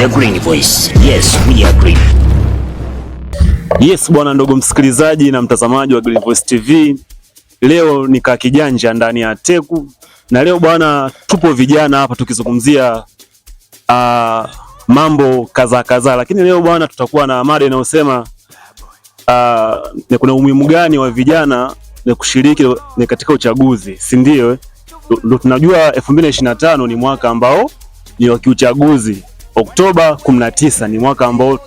The Green Voice. Yes, we are green. Yes, bwana ndogo msikilizaji na mtazamaji wa Green Voice TV. Leo nikaa kijanja ndani ya Teku na leo bwana, tupo vijana hapa tukizungumzia uh, mambo kadhaa kadhaa, lakini leo bwana, tutakuwa na mada inayosema uh, kuna umuhimu gani wa vijana ni kushiriki ni katika uchaguzi, si ndio? Tunajua 2025 ni mwaka ambao ni wa kiuchaguzi Oktoba 19 ni mwaka ambao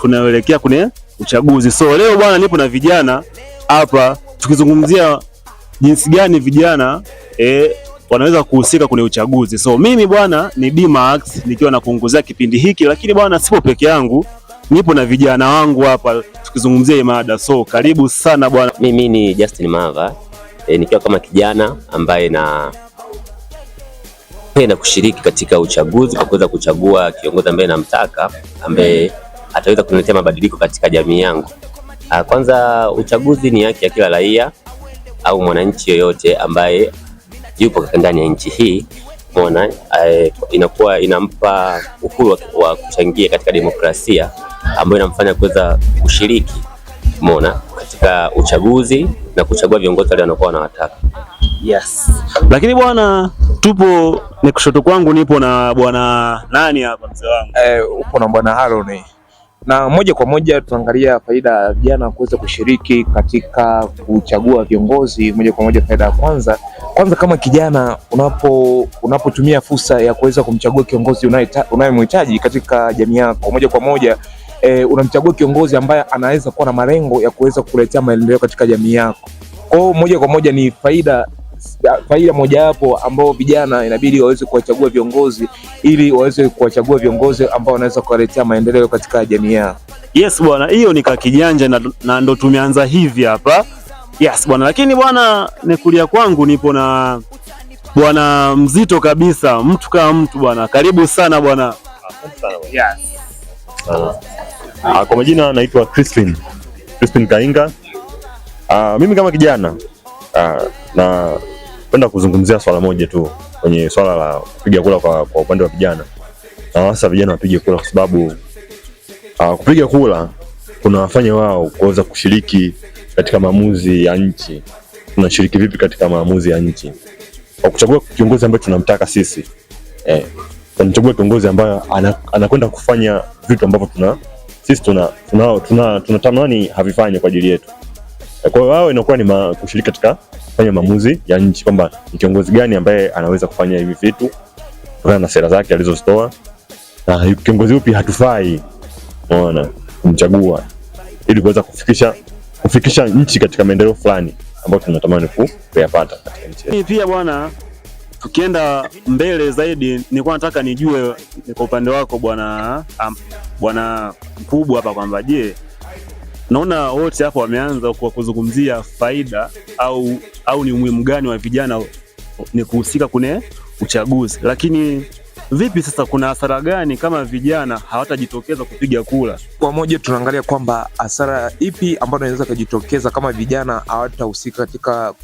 tunaelekea kwenye uchaguzi. So leo bwana, nipo na vijana hapa tukizungumzia jinsi gani vijana eh, wanaweza kuhusika kwenye uchaguzi. So mimi bwana ni Dmax nikiwa nakuongozea kipindi hiki, lakini bwana sipo peke yangu, nipo na vijana wangu hapa tukizungumzia mada. So karibu sana bwana. Mimi ni Justin Mava eh, nikiwa kama kijana ambaye na penda kushiriki katika uchaguzi kwa kuweza kuchagua kiongozi ambaye namtaka, ambaye ataweza kuniletea mabadiliko katika jamii yangu. Ah, kwanza, uchaguzi ni haki ya kila raia au mwananchi yoyote ambaye yupo ndani ya nchi hii mona, ah, inakuwa inampa uhuru wa kuchangia katika demokrasia ambayo inamfanya kuweza kushiriki mona katika uchaguzi na kuchagua viongozi wale wanaokuwa wanawataka. Yes. Lakini bwana tupo ni kushoto kwangu, nipo na bwana nani hapa, mzee wangu eh, upo na bwana Haron, na moja kwa moja tunaangalia faida ya vijana kuweza kushiriki katika kuchagua viongozi. Moja kwa moja faida ya kwanza kwanza, kama kijana unapo unapotumia fursa ya kuweza kumchagua kiongozi unayemhitaji katika jamii yako, moja kwa moja e, unamchagua kiongozi ambaye anaweza kuwa na malengo ya kuweza kuletea maendeleo katika jamii yako. Kwa hiyo moja kwa moja ni faida faida mojawapo ambao vijana inabidi waweze kuwachagua viongozi ili waweze kuwachagua viongozi ambao wanaweza kuwaletea maendeleo katika jamii yao. Yes bwana, hiyo ni kakijanja na, na ndo tumeanza hivi hapa. Yes bwana, lakini bwana, nekulia kwangu nipo na bwana mzito kabisa, mtu kama mtu bwana. Karibu sana bwana. Yes. Ah, kwa majina naitwa Crispin Crispin Kainga. Uh, mimi kama kijana uh, na Napenda kuzungumzia swala moja tu kwenye swala la kupiga kura kwa, kwa upande wa vijana, na hasa vijana wapige kura kwa sababu uh, kupiga kura kunawafanya wao kuweza kushiriki katika maamuzi ya nchi. Tunashiriki vipi katika maamuzi ya nchi? Kwa kuchagua kiongozi ambaye tunamtaka sisi eh, tunachagua kiongozi ambaye anakwenda kufanya vitu ambavyo tuna sisi tuna tunatamani tuna, tuna, tuna havifanye kwa ajili yetu. Kwa hiyo wao inakuwa ni kushiriki katika kufanya maamuzi ya nchi, kwamba ni kiongozi gani ambaye anaweza kufanya hivi vitu kutokana na sera zake alizozitoa, na kiongozi upi hatufai unaona kumchagua ili kuweza kufikisha kufikisha nchi katika maendeleo fulani ambayo tunatamani kuyapata katika nchi. Pia bwana, tukienda mbele zaidi, nilikuwa nataka nijue kwa upande wako bwana bwana mkubwa hapa kwamba je, naona wote hapo wameanza kwa kuzungumzia faida au au ni umuhimu gani wa vijana ni kuhusika kwenye uchaguzi. Lakini vipi sasa, kuna hasara gani kama vijana hawatajitokeza kupiga kura? Kwa moja, tunaangalia kwamba hasara ipi ambayo inaweza kujitokeza kama vijana hawatahusika katika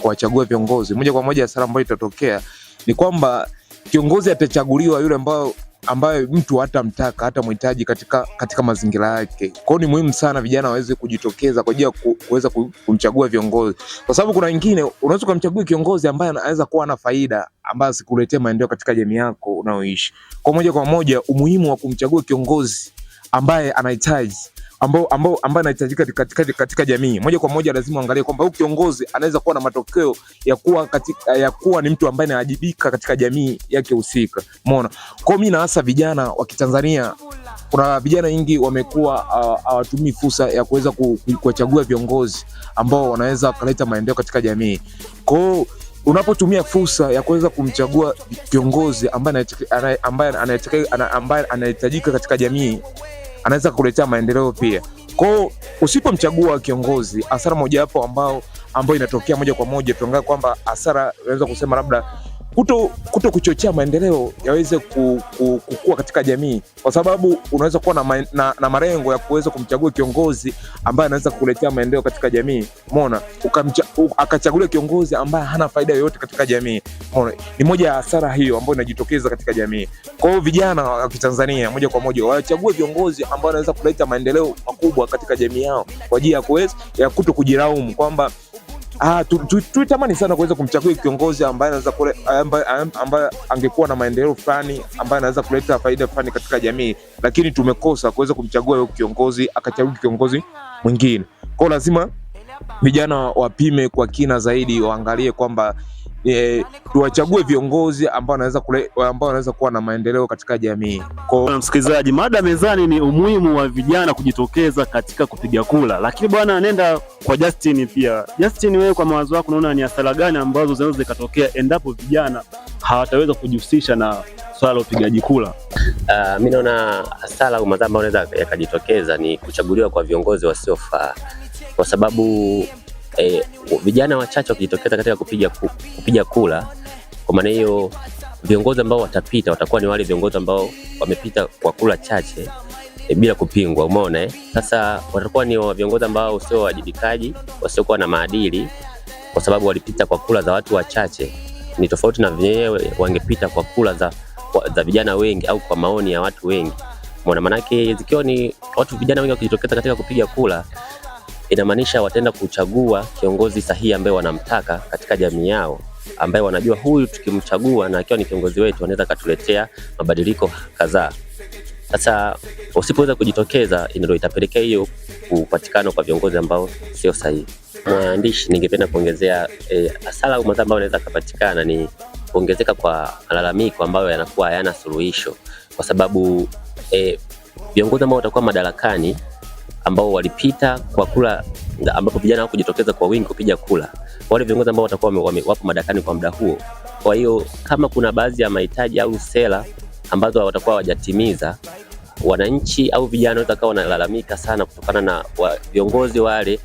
kuwachagua viongozi. Moja kwa moja hasara ambayo itatokea ni kwamba kiongozi atachaguliwa yule ambao ambaye mtu hatamtaka mhitaji katika, katika mazingira yake. Kwao ni muhimu sana vijana waweze kujitokeza kwa ajili ya ku, kuweza kumchagua viongozi, kwa sababu kuna wengine unaweza ukamchagua kiongozi ambaye anaweza kuwa na faida ambayo asikuletee maendeleo katika jamii yako unayoishi. Kwa moja kwa moja, umuhimu wa kumchagua kiongozi ambaye anahitaji ambao ambao ambao anahitajika katika, katika jamii moja kwa moja. Lazima uangalie kwamba huyu kiongozi anaweza kuwa na matokeo ya kuwa katika, ya kuwa ni mtu ambaye anawajibika katika jamii yake husika. Umeona, kwa mimi na hasa vijana wa Kitanzania, kuna vijana wengi wamekuwa hawatumii uh, fursa ya kuweza kuwachagua viongozi ambao wanaweza kuleta maendeleo katika jamii. Kwa hiyo unapotumia fursa ya kuweza kumchagua viongozi ambaye anahitajika katika jamii anaweza kuletea maendeleo pia. Kwa hiyo usipomchagua kiongozi, hasara mojawapo ambao ambayo inatokea moja kwa moja, tuangalia kwamba hasara, unaweza kusema labda kuto, kuto kuchochea maendeleo yaweze ku, ku, kukua katika jamii, kwa sababu unaweza kuwa na, ma, na, na malengo ya kuweza kumchagua kiongozi ambaye anaweza kukuletea maendeleo katika jamii mona, akachagulia kiongozi ambaye hana faida yoyote katika jamii mona. Ni moja ya hasara hiyo ambayo inajitokeza katika jamii. Kwa hiyo vijana wa Kitanzania moja kwa moja wachague viongozi ambao wanaweza kuleta maendeleo makubwa katika jamii yao kwa ajili ya kuweza ya kuto kujiraumu kwamba Ah, tuitamani sana kuweza kumchagua kiongozi ambaye ambaye angekuwa na maendeleo fulani ambaye anaweza kuleta faida fulani katika jamii, lakini tumekosa kuweza kumchagua huyo kiongozi, akachagua kiongozi mwingine. Kwa lazima vijana wapime kwa kina zaidi, waangalie kwamba e, tuwachague viongozi ambao wanaweza ambao wanaweza kuwa na maendeleo katika jamii. Kwa msikilizaji, mada mezani ni umuhimu wa vijana kujitokeza katika kupiga kura, lakini bwana, nenda kwa Justin pia. Justin, wewe kwa mawazo yako unaona ni hasara gani ambazo zinaweza zikatokea endapo vijana hawataweza kujihusisha na swala la upigaji kura? Uh, ah, mi naona hasara au madhara ambayo yanaweza yakajitokeza ni kuchaguliwa kwa viongozi wasiofaa, kwa sababu eh, vijana wachache wakijitokeza katika kupiga, kupiga kula. Kwa maana hiyo viongozi ambao watapita watakuwa ni wale viongozi ambao wamepita kwa kula chache e, bila kupingwa. Umeona eh? Sasa watakuwa ni viongozi ambao sio wajibikaji, wasiokuwa na maadili, kwa sababu walipita kwa kula za watu wachache. Ni tofauti na wenyewe wangepita kwa kula za, za vijana wengi au kwa maoni ya watu wengi. Maana manake zikiwa ni watu vijana wengi wakijitokeza katika kupiga kula inamaanisha wataenda kuchagua kiongozi sahihi ambaye wanamtaka katika jamii yao, ambaye wanajua huyu tukimchagua na akiwa ni kiongozi wetu anaweza akatuletea mabadiliko kadhaa. Sasa usipoweza kujitokeza, ndio itapelekea hiyo kupatikana kwa viongozi ambao sio sahihi. Mwandishi, ningependa kuongezea e, hasara au madhara ambayo anaweza akapatikana ni kuongezeka kwa malalamiko ambayo yanakuwa hayana suluhisho, kwa sababu e, viongozi ambao watakuwa madarakani ambao walipita kwa kula, ambapo vijana wao kujitokeza kwa wingi kupiga kula, wale viongozi ambao watakuwa wapo madarakani kwa muda huo. Kwa hiyo kama kuna baadhi ya mahitaji au sera ambazo watakuwa hawajatimiza wananchi au vijana wanaweza kawa wanalalamika sana kutokana na wa, viongozi wale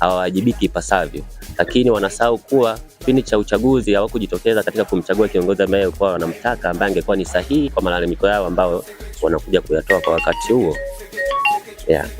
hawawajibiki ipasavyo, lakini wanasahau kuwa kipindi cha uchaguzi hawakujitokeza katika kumchagua kiongozi ambaye alikuwa wanamtaka ambaye angekuwa ni sahihi kwa malalamiko yao ambayo wanakuja kuyatoa kwa wakati huo yeah.